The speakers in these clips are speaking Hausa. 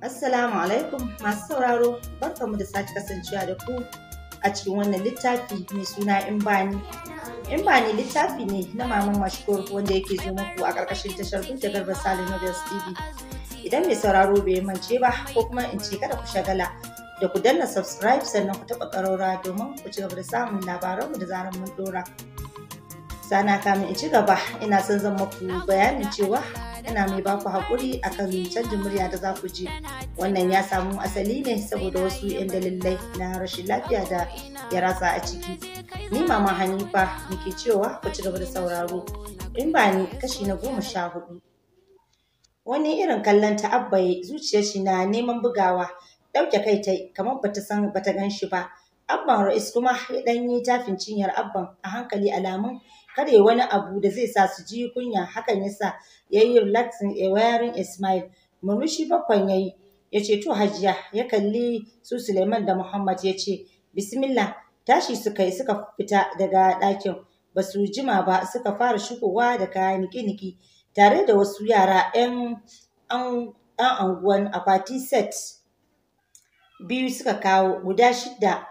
Assalamu alaikum masu sauraro barkamu da sake kasancewa da ku a cikin wannan littafi mai suna in bani. In bani littafi ne na maman mashkur wanda yake zo muku a ƙarƙashin tashar duk da garba Salim Novels TV. Idan mai sauraro bai mance ba ko kuma in ce kada ku shagala da ku danna subscribe sannan ku taɓa ƙarora domin ku ci gaba da samun labaranmu da zarar mun ɗora. Sana kamin in ci gaba ina son zan maku bayanin cewa ina mai baku haƙuri akan canjin murya da za ku ji wannan ya samu asali ne saboda wasu 'yan dalilai na rashin lafiya da ya ratsa a ciki ni mama hanifa muke cewa ku ci gaba da sauraro in ba ni kashi na goma sha hudu wani irin kallon ta abbaye zuciyar shi na neman bugawa ɗauke kai ta kamar bata san bata gan shi ba abban ra'is kuma ya ɗan yi tafin cinyar abban a hankali alamun kada ya wani abu da zai sa su ji kunya hakan yasa ya yi relaxing a eh, wearing a smile murmushi bakwai ya yi ya ce to hajiya ya kalli su suleiman da muhammad ya ce bismillah tashi suka yi suka fita daga ɗakin ba su jima ba suka fara shigowa da kayan niki-niki tare da wasu yara 'yan anguwan akwati set biyu suka kawo guda shida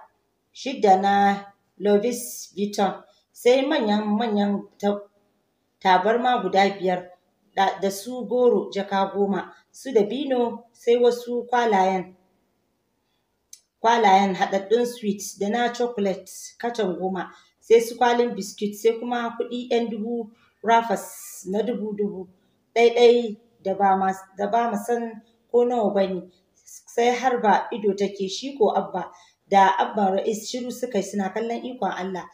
shidda na Lovis Vuitton sai manyan manyan tabarma guda biyar da su goro jaka goma su da bino sai wasu kwalayen kwalayen haɗaɗɗun sweet da na chocolate katon goma sai su kwalin biskit sai kuma kuɗi yan dubu rafas na dubu dubu ɗaiɗai da ba mu san ko nawa ba ne sai har ba ido take shi ko abba da abban ra'is shiru suka yi suna kallon ikon Allah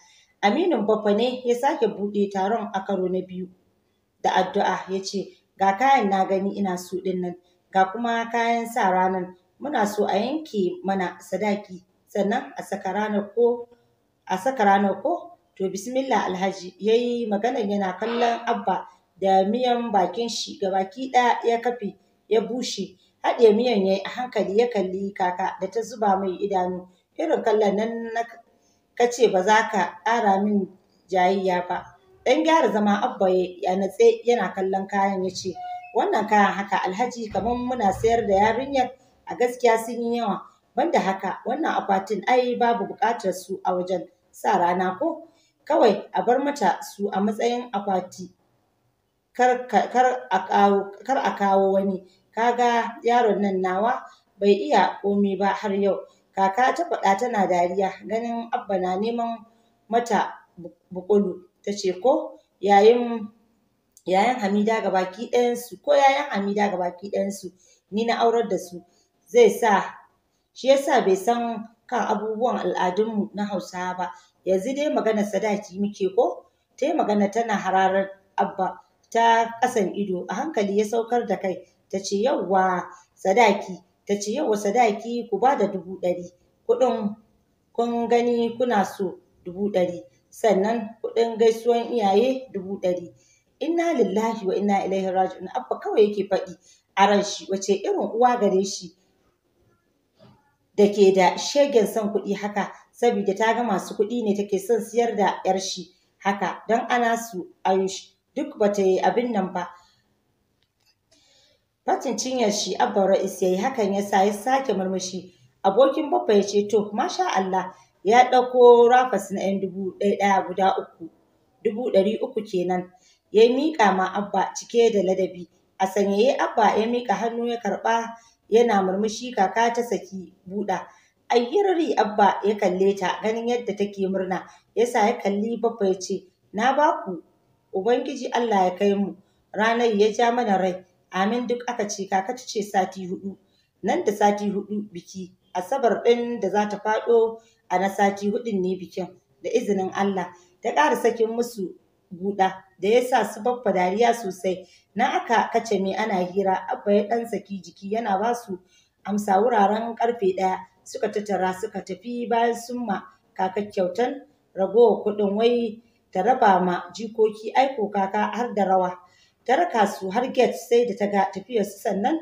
aminu babba ne ya sake bude taron a karo na biyu da addu'a ya ce ga kayan na gani ina su din nan ga kuma kayan sa ranan, muna so a yanke mana sadaki sannan a saka ranar ko a saka ranar ko to bismillah alhaji yayi yi maganar yana kallon abba da miyan bakin shi ga baki ɗaya ya kafe ya bushe haɗe miyan yayi a hankali ya kalli kaka da ta zuba mai idanu irin kallon nan ka ce ba za ka ƙara min jayayya ba dan gyara zama abba ya natse yana kallon kayan ya ce wannan kayan haka alhaji kamar muna sayar da yarinyar a gaskiya sun yi yawa banda haka wannan akwatin ai babu buƙatar su a wajen sa rana ko kawai a bar mata su a matsayin akwati kar a kawo wani kaga yaron nan nawa bai iya komi ba har yau Kaka ta faɗa tana dariya ganin Abba na neman mata bukulu ta ce ko yayin yayan Hamida ga ɗayansu ko yayan Hamida baki ɗayansu ni na aurar da su zai sa shi yasa bai san kan abubuwan al'adunmu na hausa ba yanzu dai magana sadaki muke ko ta yi magana tana hararar Abba ta ƙasan ido a hankali ya saukar da kai ta ce yauwa sadaki ta ce yau sadaki ku ba da dubu ɗari kuɗin kun gani kuna so dubu ɗari sannan kuɗin gaisuwan iyaye dubu ɗari inna lillahi wa inna ilaihi raji'un abba kawai yake faɗi a ran shi wace irin uwa gare shi da ke da shegen son kuɗi haka saboda ta ga masu kuɗi ne take son siyar da 'yar shi haka don ana su ayush duk bata yi abin nan ba Fatin cinyar shi Abba Ra'is yayi hakan ya sa ya sake murmushi. Abokin Baffa ya ce to masha Allah ya ɗauko rafas na ‘yan dubu ɗaya guda uku, dubu ɗari uku kenan. Ya miƙa ma Abba cike da ladabi. A sanyaye Abba ya miƙa hannu ya karɓa yana murmushi kaka ta saki buɗa. Ayyirri Abba ya kalle ta ganin yadda take murna yasa ya kalli Baffa ya ce na baku Ubangiji Allah ya kai mu ranar ya ja mana rai amin duk aka ce kaka ta ce sati hudu nan da sati hudu biki asabar ɗin da za ta faɗo a na sati hudun ne bikin da izinin Allah ta ƙara sakin musu buɗa da ya sa su babba dariya sosai na aka kace me ana hira abba ya ɗan saki jiki yana ba su amsa wuraren karfe ɗaya suka tattara suka tafi bayan sun ma kaka kyautan ragowa kuɗin wai ta raba ma jikoki aiko kaka har da rawa ta raka su har gate sai da ta ga tafiyarsu sannan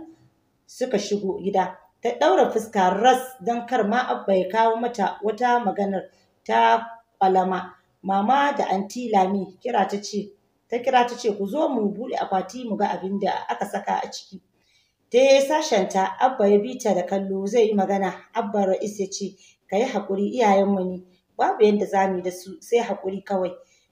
suka shigo gida ta ɗaura fuska ras don kar ma abba ya kawo mata wata maganar ta kwalama mama da anti lami kira ta ce ta kira ta ce ku zo mu buɗe akwati mu ga abin da aka saka a ciki ta yi sashenta abba ya bi ta da kallo zai yi magana abba ra'is ya ce ka yi haƙuri iyayenmu ne babu yadda za mu yi da su sai haƙuri kawai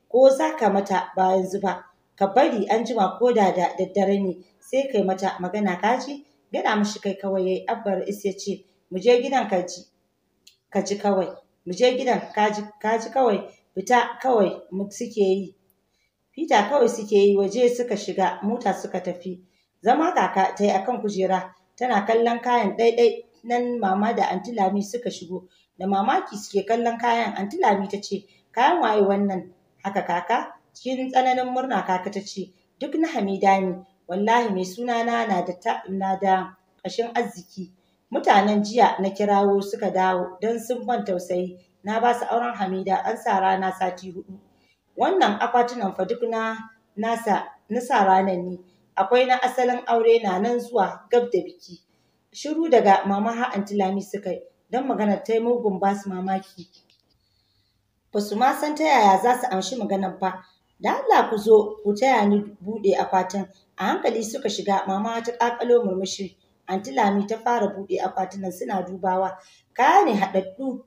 ko za ka mata ba yanzu ba ka bari an jima ko da da daddare ne sai kai mata magana kaji gada mishi kai kawai yayi abbar is ya ce mu je gidan ka ji kawai mu je gidan kaji kaji kawai fita kawai mu suke yi fita kawai suke yi waje suka shiga mota suka tafi zama kaka ta yi akan kujera tana kallon kayan ɗaiɗai nan mama da anti suka shigo da mamaki suke kallon kayan anti lami ta ce kayan waye wannan haka kaka cikin tsananin murna kaka ta ce duk na hamida ne wallahi mai sunana na da na da ƙashin arziki mutanen jiya na kirawo suka dawo don sun ban tausayi na ba su auren hamida an sa rana sati hudu wannan akwatunan fa duk na nasa na sa ranar ne akwai na asalin aure na nan zuwa gab da biki shiru daga mama ha anti lami suka yi don magana ta mugun ba su mamaki ba su ma san ta yaya za su amshi maganar ba da Allah ku zo ku taya ni buɗe akwatin a hankali suka shiga mama ta ƙaƙalo murmushi anti lami ta fara buɗe nan suna dubawa kaya ne haɗaɗɗu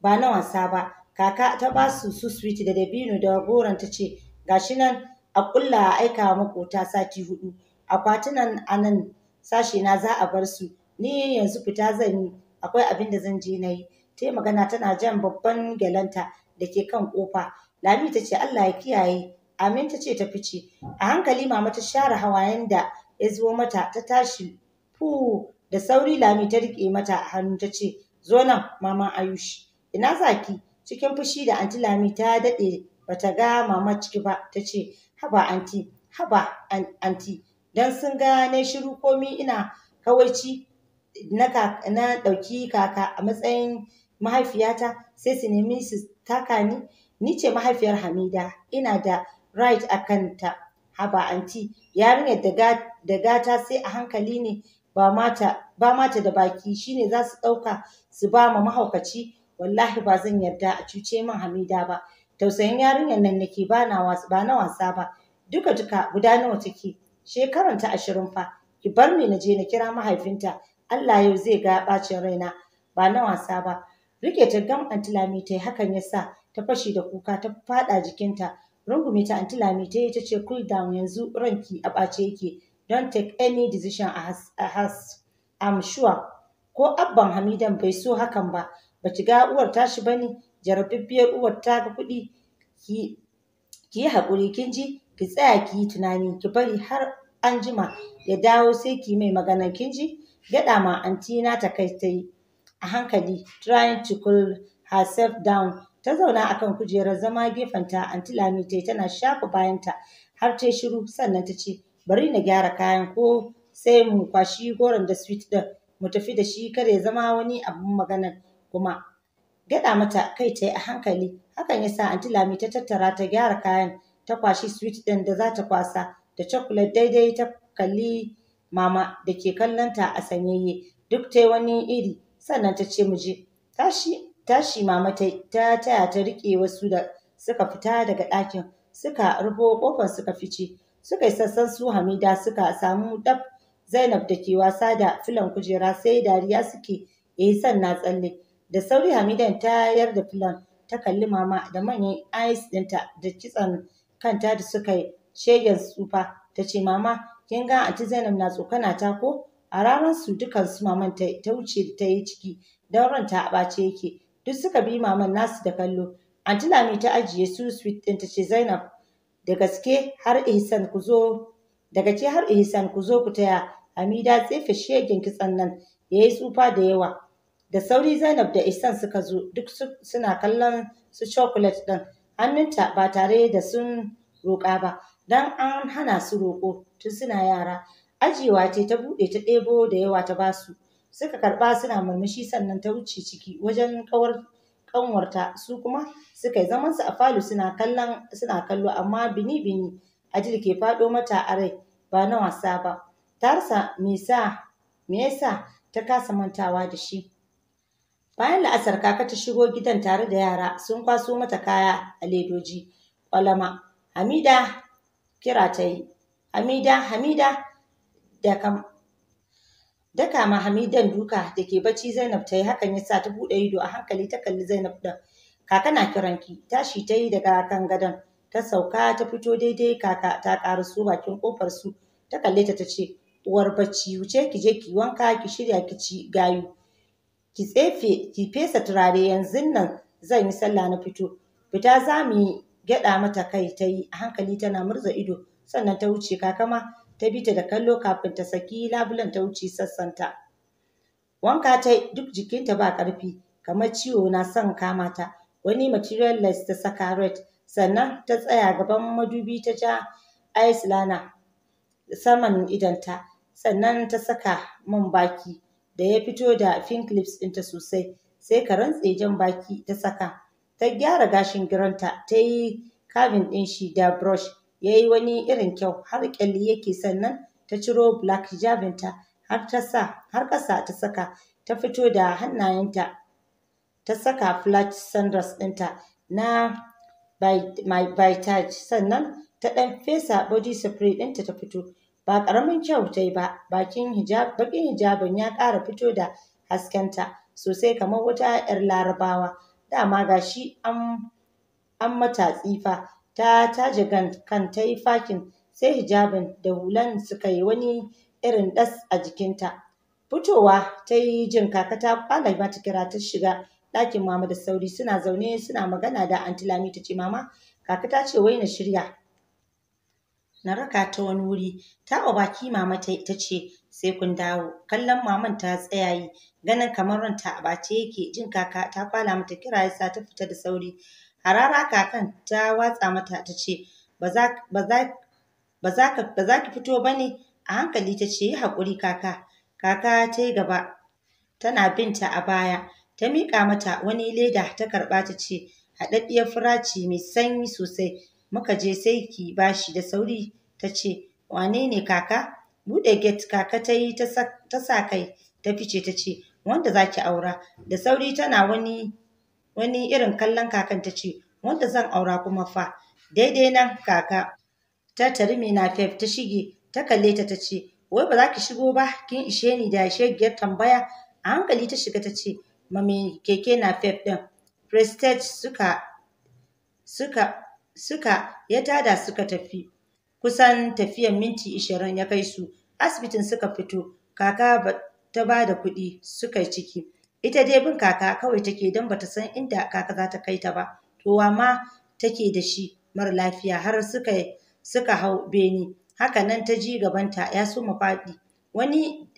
ba na wasa ba kaka ta ba su su sweet da dabino da goron ta ce gashi nan a ƙulla a aika wa makota sati hudu akwatunan a nan sashe na za a bar su ni yanzu fita zan yi akwai abin da zan je na yi ta magana tana jan babban gyalanta da ke kan ƙofa Lami ta ce Allah ya kiyaye. Amin ta ce ta fice. A hankali mama ta share hawayen da ya zo mata ta tashi fu da sauri Lami ta riƙe mata a hannu ta ce zo nan mama Ayush. Ina zaki cikin fushi da anti Lami ta daɗe bata ga mama ciki ba ta ce haba anti haba anti dan sun ga na shiru komi ina kawaici na ɗauki kaka a matsayin mahaifiyata sai su nemi su taka ni Ni ce mahaifiyar Hamida, ina da right a kanta. Haba anti, yarinyar da gata sai a hankali ne ba mata da baki shine za su ɗauka su ba ma mahaukaci wallahi ba zan yarda a cuce min Hamida ba. Tausayin yarinyar nan nake ba na wasa ba. Duka duka guda nawa take ta ashirin fa ki bar ni na je na kira mahaifinta Allah yau zai ga bacin raina ba na wasa ba. Rike ta gam antilami ta yi hakan yasa ta fashi da kuka ta faɗa jikinta rungume ta anti lami ta yi ta ce cool down yanzu ranki a ɓace yake don take any decision a has am sure ko abban hamidan bai so hakan ba ba ki ga uwar tashi ba ne jarabibbiyar uwar ta ga kuɗi ki yi haƙuri kin ji ki tsaya ki yi tunani ki bari har an jima ya dawo sai ki mai magana kin ji gyaɗa ma anti na ta kai ta yi a hankali trying to cool herself down ta zauna a kan kujerar zama gefenta anti lami ta tana shafa bayanta har ta shiru sannan ta ce bari na gyara kayan ko sai mu kwashi goron da sweet din mu tafi da shi kada ya zama wani abun maganar kuma gyaɗa mata kai ta yi a hankali hakan yasa anti lami ta tattara ta gyara kayan ta kwashi sweet din da za ta kwasa da chocolate daidai ta kalli mama da ke kallon a sanyayye duk ta wani iri sannan ta ce mu je tashi tashi mama ta taya ta rike wasu da suka fita daga ɗakin suka rufo ƙofar suka fice suka yi sassan su hamida suka samu ɗab zainab da ke wasa da filan kujera sai dariya suke eh, san na tsalle da sauri hamidan ta da filan ta kalli mama da manyan ayis ɗinta da kitson kanta da suka yi shegen tsufa ta ce mama kin ga anti zainab na tsokana ta ko a ranar su dukan maman ta wuce ta yi ciki don ranta a ɓace yake duk suka bi maman nasu da kallo anti lami ta ajiye su sweet ɗin ta ce zainab da gaske har ihsan ku zo daga ce har ihsan ku zo ku taya Amida tsefe shegen kitsan nan ya yi tsufa da yawa da sauri zainab da ihsan suka zo duk suna kallon su chocolate ɗin hannunta ba tare da sun roƙa ba dan an hana su roƙo tun suna yara ajiyewa ce ta buɗe ta ɗebo da yawa ta basu suka karɓa suna murmushi sannan ta wuce ciki wajen kawar kanwarta su kuma suka yi zaman su a falo suna kallon suna kallo amma bini bini ajil ke faɗo mata a rai ba na wasa ba tarsa rasa me sa me yasa ta kasa mantawa da shi bayan la'asar kaka ta shigo gidan tare da yara sun kwaso mata kaya a ledoji kwalama hamida kira ta yi hamida hamida da kam daka ma Hamidan duka da ke bacci Zainab ta yi hakan ya sa ta buɗe ido a hankali ta kalli Zainab ɗin. Kaka na kiranki, tashi ta yi daga kan gadon, ta sauka ta fito daidai kaka ta ƙara su bakin kofar su, ta kalle ta ta ce, uwar bacci wuce ki je ki wanka ki shirya ki ci gayu. Ki tsefe ki fesa turare yanzun nan zan yi sallah na fito. Fita za mu yi gyaɗa mata kai ta yi a hankali tana murza ido sannan ta wuce kaka ma ta bi ta da kallo kafin ta saki labulen ta wuce sassanta wanka ta duk jikinta ba ƙarfi kamar ciwo na son kama ta wani material less ta saka red sannan ta tsaya gaban madubi ta ja ice lana saman idanta sannan ta saka man baki da ya fito da pink lips ɗinta sosai sai ka rantse jan baki ta saka ta gyara gashin giranta ta yi kabin ɗin shi da brush ya yi wani irin kyau har kyalli yake sannan ta ciro black jabinta har ta sa har ƙasa ta saka ta fito da hannayenta ta saka flat sandals ɗinta na by touch sannan ta ɗan fesa body spray ɗinta ta fito ba ƙaramin kyau ta yi ba bakin hijab bakin hijabin ya ƙara fito da haskenta sosai kamar wata 'yar larabawa dama gashi an an mata tsifa ta taje kan ta yi fakin sai hijabin da hulan suka yi wani irin ɗas a jikinta. Fitowa ta yi jin kaka ta kwala mata kira ta shiga ɗakin mama da sauri suna zaune suna magana da anti Lami ta ce mama kaka ta ce wai na shirya na raka ta wani wuri ta baki mama ta ce sai kun dawo kallon maman ta tsaya yi ganin kamar ranta a bace yake jin kaka ta kwala mata kira yasa ta fita da sauri Harara kakan ta watsa mata ta ce, ba za ki fito ba ne? A hankali ta ce, yi haƙuri kaka. Kaka ta yi gaba, tana binta a baya. Ta miƙa mata wani leda ta karɓa ta ce, haɗaɗɗiyar fura mai sanyi sosai. Muka je sai ki bashi da sauri ta ce, wane ne kaka? Buɗe get kaka ta yi ta sa kai ta fice ta ce, wanda za ki aura. Da sauri tana wani wani irin kallon kakan ta ce wanda zan aura kuma fa daidai nan kaka ta tarimi na fef ta shige ta kalle ta ta ce wai ba za ki shigo ba kin ishe ni da shegiyar tambaya a hankali ta shiga ta ce ma me keke na fef din prestige suka suka suka ya tada suka tafi kusan tafiyar minti ishirin ya kai su asibitin suka fito kaka ta ba da kuɗi suka ciki ita dai bin kaka kawai take don bata san inda kaka za ta kai ta ba to ma take da shi mara lafiya har suka suka hau beni haka nan ta ji gabanta ya so mu faɗi wani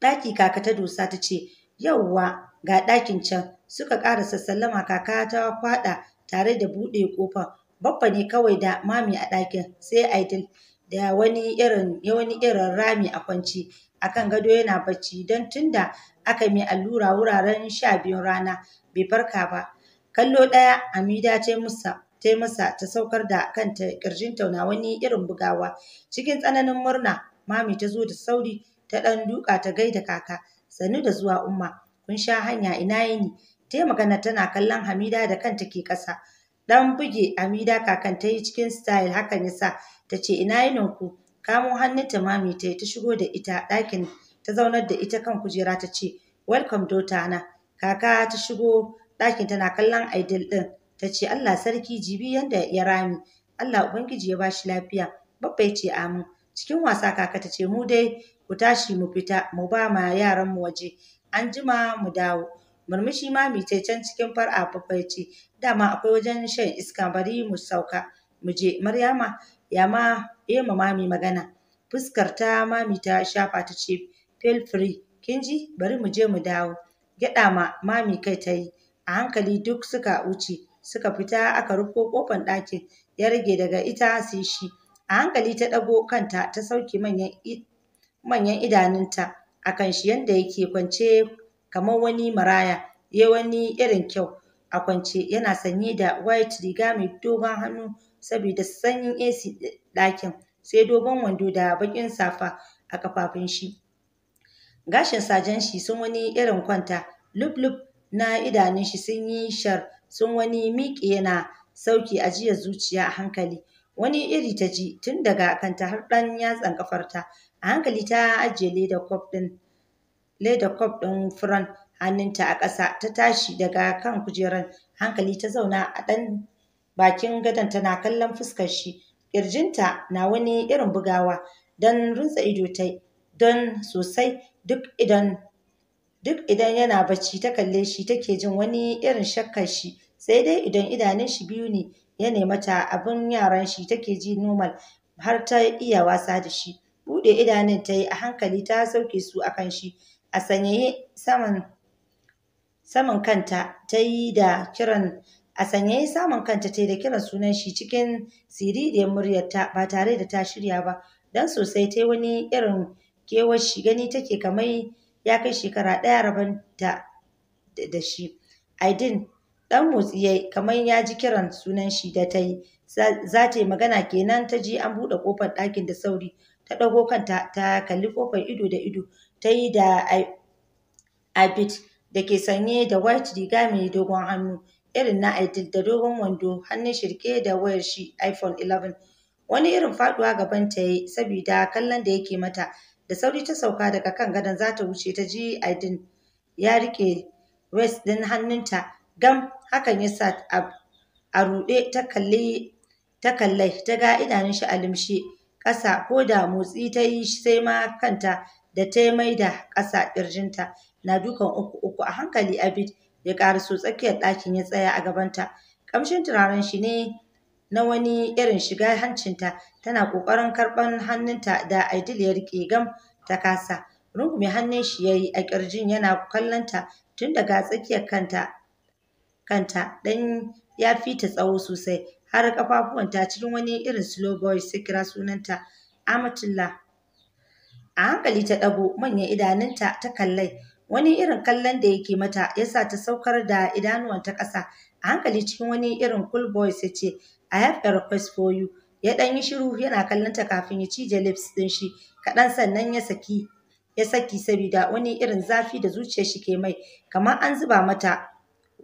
ɗaki kaka ta dosa ta ce yauwa ga ɗakin can suka ƙara sassallama kaka ta faɗa tare da buɗe ƙofar babba ne kawai da mami a ɗakin sai aidil da wani irin wani irin rami a kwance akan gado yana bacci don tunda aka mai allura wuraren sha biyun rana bai farka ba kallo ɗaya Hamida ta musa ta masa ta saukar da kanta ƙirjinta na wani irin bugawa cikin tsananin murna mami ta zo da sauri ta ɗan duka ta gaida kaka sannu da zuwa umma kun sha hanya ina yini ta magana tana kallon Hamida da kanta ke ƙasa Dan buge Amida kakan ta yi cikin style hakan yasa ta ce ina yininku kamo hannunta mami ta ta shigo da ita ɗakin ta zaunar da ita kan kujera ta ce welcome daughter na kaka ta shigo ɗakin tana kallon idol ɗin ta ce Allah sarki jibi yanda ya rami Allah ubangiji ya bashi lafiya babba ya ce amin cikin wasa kaka ta ce mu dai ku tashi mu fita mu ba ma yaran mu waje an jima mu dawo murmushi ma mice can cikin far'a bakwai ce dama akwai wajen shan iska bari mu sauka mu je maryama ya ma eh ma mami magana fuskar ta mami ta shafa ta ce feel free kin ji bari mu je mu dawo gyaɗa ma mami kai ta yi a hankali duk suka wuce suka fita aka rufo kofar ɗakin ya rage daga ita sai shi a hankali ta ɗago kanta ta sauke manyan manyan idanunta akan shi yanda yake kwance kamar wani maraya ya wani irin kyau a kwance yana sanye da white riga mai dogon hannu saboda sanyin AC ɗakin sai dogon wando da baƙin safa a kafafun shi gashin sajan shi sun wani irin kwanta lub-lub na idanun shi sun yi shar sun wani miƙe yana sauki ajiyar zuciya a hankali wani iri ta ji tun daga kanta har ɗan yatsan ƙafarta a hankali ta ajiye ledar kof ɗin leda kwaf ɗin furen hannunta a ƙasa ta tashi daga kan kujerar hankali ta zauna a ɗan bakin gadon tana kallon fuskar shi ƙirjinta na wani irin bugawa don rutsa ido ta don sosai duk idan duk idan yana bacci ta kalle shi take jin wani irin shakkar shi sai dai idan idanun shi biyu ne ya nema ta abin yaran shi take ji normal har ta iya wasa da shi Bude idanun ta yi a hankali ta sauke su akan shi a sanyaye saman saman kanta ta yi da kiran a sanyaye samun kanta ta yi da kiran sunan shi cikin siririyar muryarta ba tare da ta shirya ba don sosai ta wani irin kewar shi gani take kamar ya kai shekara ɗaya rabon da da shi aidin ɗan motsi yai kamar ya ji kiran sunan shi da ta yi za ta yi magana kenan ta ji an buɗe ƙofar ɗakin da sauri ta ɗago kanta ta kalli ƙofar ido da ido ta yi da abit da ke sanye da white riga mai dogon hannu irin na idil da dogon wando hannun shirke da wayar shi iphone 11 wani irin faduwa gaban ta yi saboda kallon da yake mata da sauri ta sauka daga kan gadon za ta wuce ta ji idil ya rike west din hannunta gam hakan ya sa a ruɗe ta kalli ta ga idanun shi a limshe ƙasa ko da motsi ta yi sai ma kanta da ta mai da ƙasa ƙirjinta na dukan uku uku a hankali abid ya ƙara so tsakiyar ɗakin ya tsaya a gabanta ƙamshin turaren shi ne na wani irin shiga hancinta tana ƙoƙarin karɓan hannunta da aidil ya riƙe gam ta kasa rungume hannun shi ya yi a ƙirjin yana kallonta tun daga tsakiyar kanta kanta dan ya fi ta tsawo sosai har kafafuwanta cikin wani irin slow boy sai kira sunanta amatullah A hankali ta ɗago manyan idanunta ta kallai wani irin kallon da yake mata ya sa ta saukar da idanuwan ta ƙasa a hankali cikin wani irin cool voice ya ce I have a request for you ya ɗan yi shiru yana kallon ta kafin ya cije lips ɗin shi kaɗan sannan ya saki ya saki sabida wani irin zafi da zuciyar shi ke mai kamar an zuba mata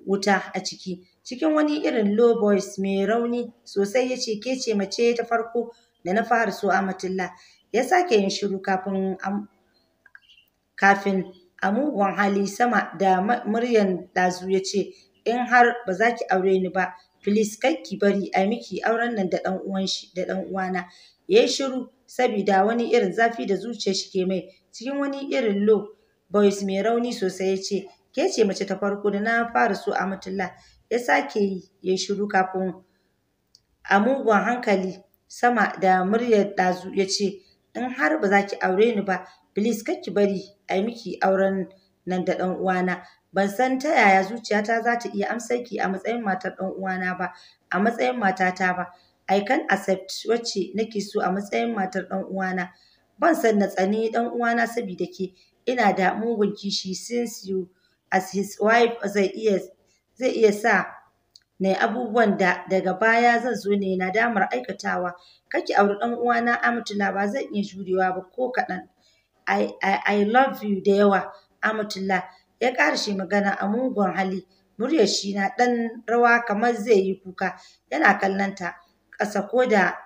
wuta a ciki cikin wani irin low voice mai rauni sosai ya ce ke ce mace ta farko da na fara so a matilla ya sake yin shiru kafin kafin a mugun hali sama da muryan ɗazu ya ce in har ba za ki aure ni ba filis kai ki bari a miki auren nan da ɗan uwan shi da ɗan uwana ya yi shiru sabida wani irin zafi da zuciya shi ke mai cikin wani irin lo, boys mai rauni sosai ya ce ke ce mace ta farko da na fara so a mutulla ya sake yi ya shiru kafin a mugun hankali sama da muryar ɗazu ya ce in har ba za ki aure ni ba please kar ki bari a miki auren nan da ɗan uwana ban san ta yaya zuciyata za ta iya amsar ki a matsayin matar ɗan uwana ba a matsayin matata ba I can accept wacce nake so a matsayin matar ɗan uwana ban san na tsani ɗan uwana saboda ke ina da mugun kishi since you as his wife zai iya zai iya sa na abubuwan da daga baya zan zo ne na damar aikatawa. Kar ki auri ɗan uwana Amatullah ba zan iya jurewa ba ko kaɗan. I, I, I love you da yawa Amatullah ya shi magana a mugun hali. Muryar shi na ɗan rawa kamar zai yi kuka yana kallon ta ƙasa ko da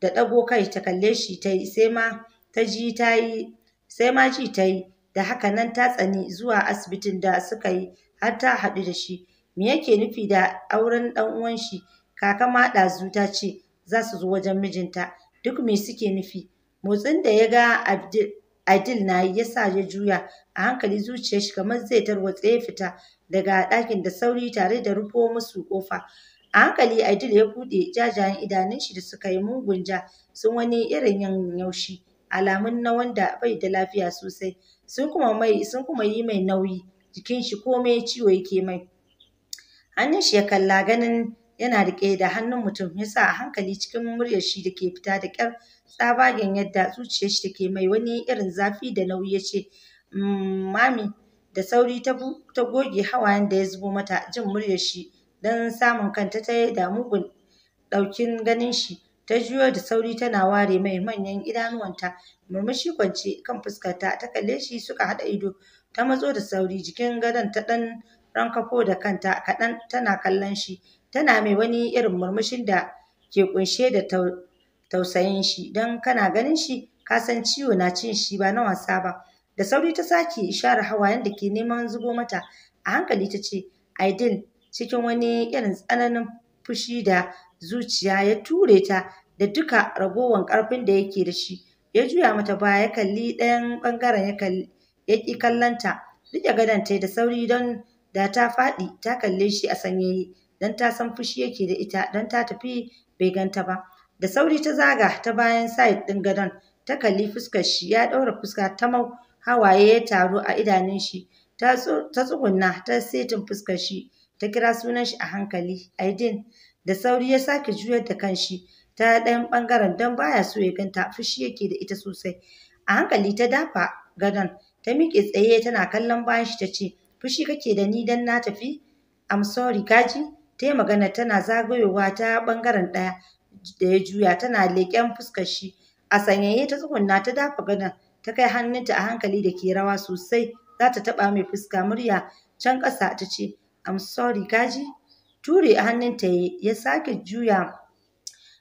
da ɗago kai ta kalle shi ta yi sai ma ta ji ta yi sai ma ji ta yi da haka nan ta tsani zuwa asibitin da suka yi har ta haɗu da shi me yake nufi da auren ɗan uwan shi kaka ma ɗazu ta ce za su zo wajen mijinta duk me suke nufi motsin da ya ga Adil na yi yasa ya juya a hankali zuciyar shi kamar zai tarwatse ya fita daga ɗakin da sauri tare da rufo musu ƙofa a hankali Adil ya buɗe jajayen idanun shi da suka yi mugun ja sun wani irin yan yaushi alamun na wanda bai da lafiya sosai sun kuma sun kuma yi mai nauyi jikin shi komai ciwo yake mai hannun shi ya kalla ganin yana riƙe da hannun mutum ya sa a hankali cikin muryar shi da ke fita da ƙyar tsabagen yadda zuciyar shi take mai wani irin zafi da nauyi ya ce mm, mami da sauri ta goge hawayen da ya zubo mata jin muryar shi don samun kanta ta yi da mugun ɗaukin ganin shi ta juyo da sauri tana ware mai manyan idanuwanta murmushi kwance kan fuskarta ta kalle shi suka haɗa ido ta matso da sauri jikin gadon ta ɗan kafo da kanta kaɗan tana kallon shi tana mai wani irin murmushin da ke ƙunshe da tausayin shi don kana ganin shi ka san ciwo na cin shi ba na wasa ba da sauri ta sake share hawayen da ke neman zubo mata a hankali ta ce aidil cikin wani irin tsananin fushi da zuciya ya ture ta da duka ragowar ƙarfin da yake da shi ya juya mata baya ya kalli ɗayan ɓangaren ya ƙi kallonta riƙe gadon ta da sauri don Da ta faɗi ta kalle shi a sanyaye don ta san fushi yake da ita don ta tafi bai ganta ba. Da sauri ta zaga ta bayan side ɗin gadon ta kalli fuskar shi ya ɗaura fuska ta mau hawaye ya taru a idanun shi ta tsugunna ta setin fuskar shi ta kira sunan shi a hankali Aidin da sauri ya sake juyar da kanshi ta ɗayan ɓangaren don baya so ya ganta fushi yake da ita sosai a hankali ta dafa gadon ta miƙe tsaye tana kallon bayan shi ta ce fushi kake da ni dan na tafi I'm sorry kaji ta magana tana zagayowa ta bangaren ɗaya da ya juya tana leƙen fuskar shi a sanyaye ta tsugunna ta dafa gadon ta kai hannunta a hankali da ke rawa sosai za ta taɓa mai fuska murya can ƙasa ta ce I'm sorry kaji ture a hannunta ya sake juya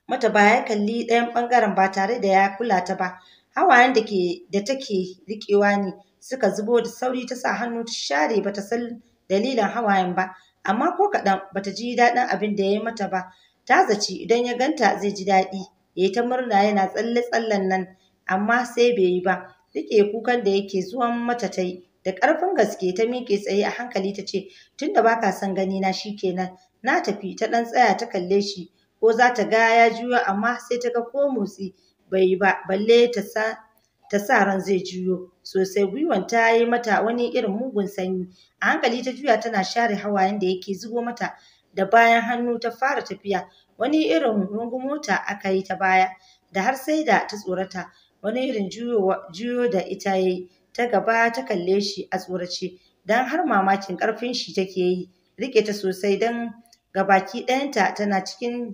mata baya kalli ɗayan bangaren ba tare da ya kula ta ba hawayen da ke da take riƙewa ne suka zubo da sauri ta sa hannu ta share bata san dalilin hawayen ba amma ko kaɗan bata ji daɗin abin da ya yi mata ba ta zaci idan ya ganta zai ji daɗi ya ta murna yana tsalle tsallen nan amma sai bai yi ba rike kukan da yake zuwan mata ta yi da ƙarfin gaske ta miƙe tsaye a hankali ta ce tunda baka son gani na shikenan na tafi ta ɗan tsaya ta kalle shi ko za ta ga ya juyo amma sai ta ga ko motsi bai yi ba balle ta sa ta sa ran zai juyo sosai gwiwan ta yi mata wani irin mugun sanyi a hankali ta juya tana share hawayen da yake zubo mata da bayan hannu ta fara tafiya wani irin rungun mota aka yi ta baya da har sai da ta tsorata wani irin juyo da ita ya yi ta gaba ta kalle shi a tsorace don har mamakin karfin shi take yi rike ta sosai don gabaki ɗayanta tana cikin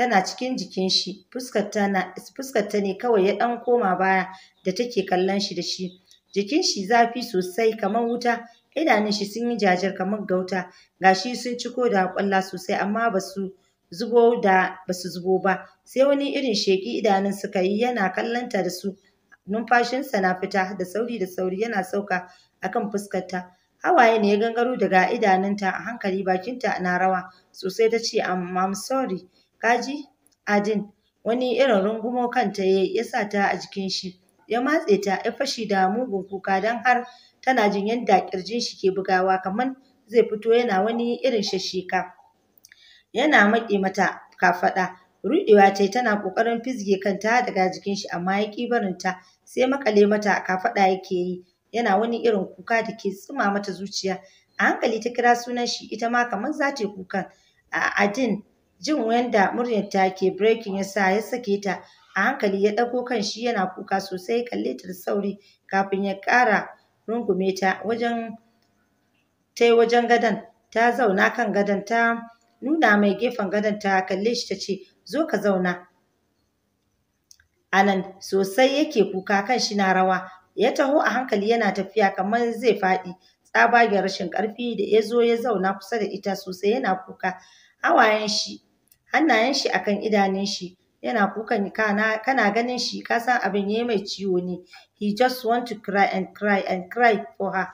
tana cikin jikin shi fuskar ta ne kawai ya ɗan koma baya da take kallon shi da shi jikin shi zafi sosai kamar wuta idanun shi sun yi jajir kamar gauta gashi sun ciko da kwalla sosai amma ba su zubo da ba su zubo ba sai wani irin sheki idanun suka yi yana kallonta da su numfashinsa na fita da sauri da sauri yana sauka akan fuskarta hawaye ne ya gangaro daga idanunta a hankali bakinta na rawa sosai ta ce amma sorry Kaji? Adin wani irin rungumo kanta ya ya sa ta a jikin shi ya matse ta ya fashi da mugun kuka don har tana jin yadda kirjin shi ke bugawa kamar zai fito yana wani irin shashsheka yana maƙe mata kafaɗa ruɗewa ta tana ƙoƙarin fizge kanta daga jikin shi amma ya ƙi barin ta sai makale mata kafaɗa yake yi yana wani irin kuka da ke tsuma mata zuciya a hankali ta kira sunan shi ita ma kamar za ta yi kukan a adin jin wanda muryar ta ke breaking ya sa ya sake ta a hankali ya ɗauko kan shi yana kuka sosai kalle ta da sauri kafin ya ƙara rungume ta wajen ta wajen gadon ta zauna kan gadon ta nuna mai gefen gadon ta kalle shi ta ce zo ka zauna anan sosai yake kuka kan shi na rawa ya taho a hankali yana tafiya kamar zai faɗi tsabagen rashin ƙarfi da ya zo ya zauna kusa da ita sosai yana kuka hawayen shi hannayen shi akan idanun shi yana kukan kana kana ganin shi ka san abin yayi mai ciwo ne he just want to cry and cry and cry for her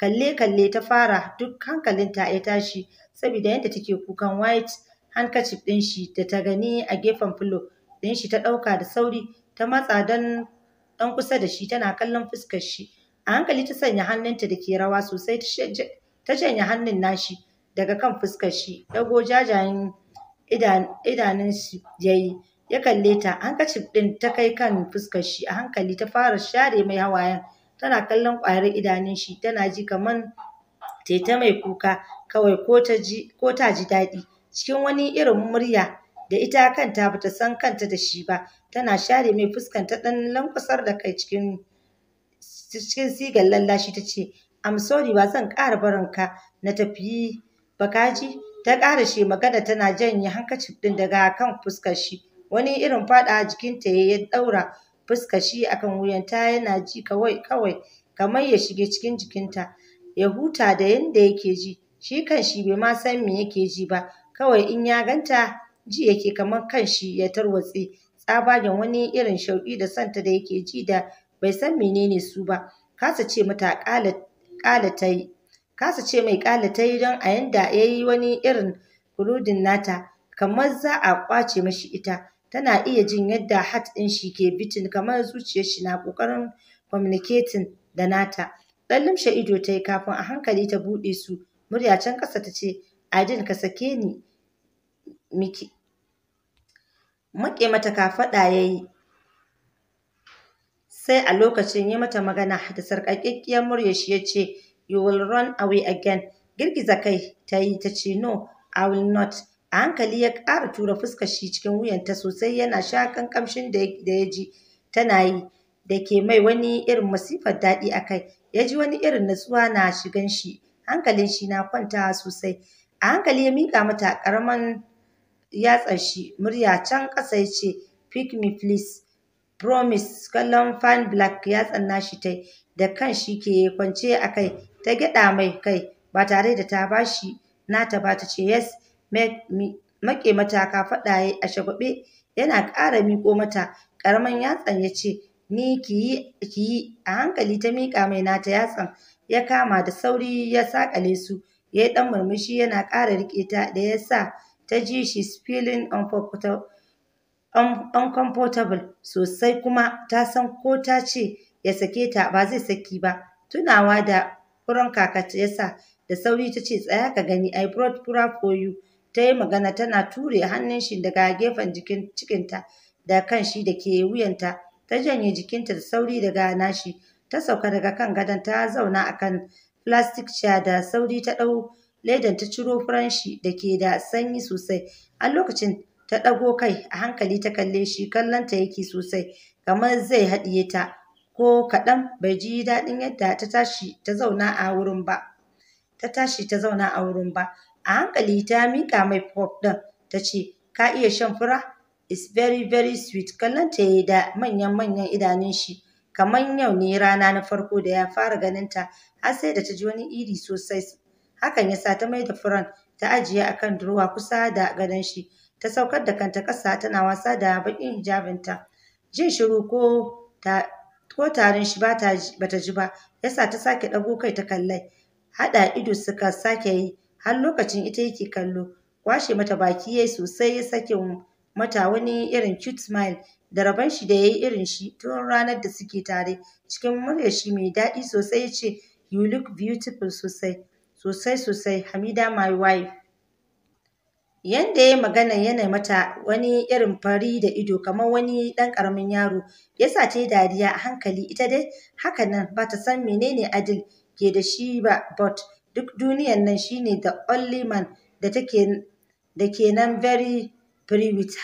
kalle kalle ta fara duk hankalinta ya tashi saboda yadda take kukan white handkerchief din shi da ta gani a gefen pillow din shi ta dauka da sauri ta matsa dan dan kusa da shi tana kallon fuskar shi a hankali ta sanya hannunta da ke rawa sosai ta shanya hannun nashi daga kan fuskar shi dago jajayen idanun shi ya yi ya kalle ta hankacin ɗin ta kai kan fuskar shi a hankali ta fara share mai hawayen tana kallon ƙwayar idanun shi tana ji kaman teta mai kuka kawai ko ta ji daɗi cikin wani irin murya da ita kanta bata san kanta da shi ba tana share mai fuskan ta ɗan lankwasar da kai cikin cikin sigar lallashi ta ce I'm sorry ba zan kara barinka na tafi ba ji ta ƙara shi magana tana janye hankacin ɗin daga kan fuskar shi wani irin faɗa jikinta ya ɗaura fuskar shi akan wuyanta yana ji kawai kawai kamar ya shige cikin jikinta ya huta da yanda yake ji shi kan shi bai ma san me yake ji ba kawai in ya ganta ji yake kamar kan shi ya tarwatse tsabagen wani irin shauƙi da santa da yake ji da bai san menene su ba kasa ce mata ƙala ta yi kasa ce mai ƙala ta yi don a yanda ya yi wani irin kurudin nata kamar za a ƙwace mashi ita tana iya jin yadda hat ɗin shi ke bitin kamar zuciyar shi na ƙoƙarin communicating da nata dan lumshe ido ta yi kafin a hankali ta buɗe su murya can ƙasa ta ce adin ka sake ni miki maƙe mata kafaɗa ya yi sai a lokacin ya mata magana da sarƙaƙƙiyar murya shi ya ce You will run away again. Girgiza kai ta yi ta ce no, I will not. A hankali ya ƙara tura fuskar shi cikin wuyanta sosai yana shakan kamshin da ya ji tana yi da ke mai wani irin masifar daɗi a kai. Ya ji wani irin natsuwa na shigan shi, hankalin shi na kwanta sosai. A hankali ya miƙa mata ƙaramin yatsar shi, murya can ƙasa ya ce, pick me please. Promise kallon fine black yatsan nashi ta yi, da kan shi ke kwance a kai ta gyaɗa mai kai ba tare da ta bashi nata ba ta ce yes make mata ka faɗa a shagwaɓe yana ƙara miƙo mata ƙaramin yatsan ya ce ni ki yi a hankali ta miƙa mai nata yatsan ya kama da sauri ya saƙale su ya yi ɗan murmushi yana ƙara riƙe ta da ya sa ta ji shi feeling uncomfortable sosai kuma ta san ko ta ce ya sake ta ba zai saki ba tunawa da furen kakata ya sa da sauri ta ce tsaya ka gani I brought pura for you ta yi magana tana ture hannun shi daga gefen jikin cikinta da kan shi da ke wuyanta ta janye jikinta da sauri daga nashi ta sauka daga kan gadon ta zauna akan plastic chair da sauri ta ɗau ledan ta ciro furen shi da ke da sanyi sosai a lokacin ta ɗago kai a hankali ta kalle shi kallon ta yake sosai kamar zai haɗiye ta ko kaɗan bai ji daɗin yadda ta tashi ta zauna a wurin ba. Ta tashi ta zauna a wurin ba. A hankali ta miƙa mai pop ɗin ta ce, ka iya shan fura? It's very very sweet. Kallon ta yi da manyan-manyan idanun shi. Kamar yau ne rana na farko da ya fara ganin ta har sai da ta ji wani iri sosai. Hakan ya sa ta mai da furan ta ajiye a kan durowa kusa da gadon shi. Ta saukar da kanta ƙasa tana wasa da baƙin hijabinta. Jin shiru ko ta ko tarin shi ba ta ji ba yasa ta sake ɗago kai ta kallai haɗa ido suka sake yi har lokacin ita yake kallo kwashe mata baki yayi sosai ya sake mata wani irin cute smile da rabon shi da yayi irin shi tun ranar da suke tare cikin murya shi mai daɗi sosai ya ce you look beautiful sosai sosai sosai Hamida my wife yanda yayi magana yana mata wani irin fari da ido kamar wani ɗan ƙaramin yaro ya sa ta yi dariya a hankali ita dai haka nan ta san menene Adil ke da shi ba but duk duniyan nan shi ne the only man da take da ke nan very free with,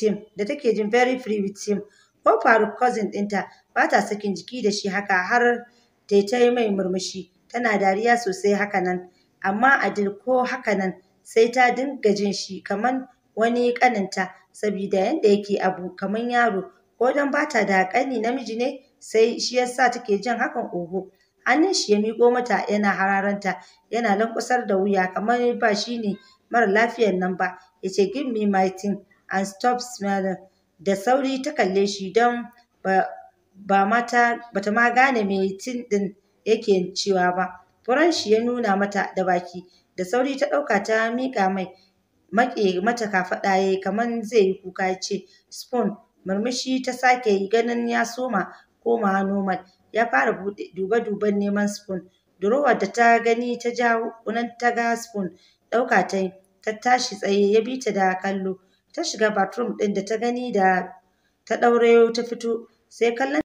him da take jin very free with him ko Faruk cousin ɗinta bata sakin jiki da shi haka har tai ta yi mai murmushi tana dariya sosai haka nan amma Adil ko haka nan sai ta dinga jin shi kaman wani ƙaninta sabida yanda yake abu kaman yaro ko don ba ta da ƙani namiji ne sai shi yasa take jin hakan oho hannun shi ya miƙo mata yana hararanta yana lankwasar da wuya kamar ba shi ne mara lafiyar nan ba yace ce give me my thing and stop smiling da sauri ta kalle shi don ba ba mata bata ma gane me tin din yake cewa ba furen shi ya nuna mata da baki da sauri ta ɗauka ta miƙa mai maƙe mata kafaɗa yayi kamar zai yi kuka ya ce spoon murmushi ta sake yi ganin ya soma koma normal ya fara buɗe dube-duben neman spoon durowar da ta gani ta jawo nan ta ga spoon ɗauka ta yi ta tashi tsaye ya bi ta da kallo ta shiga bathroom ɗin da ta gani da ta ɗaurayo ta fito sai kallon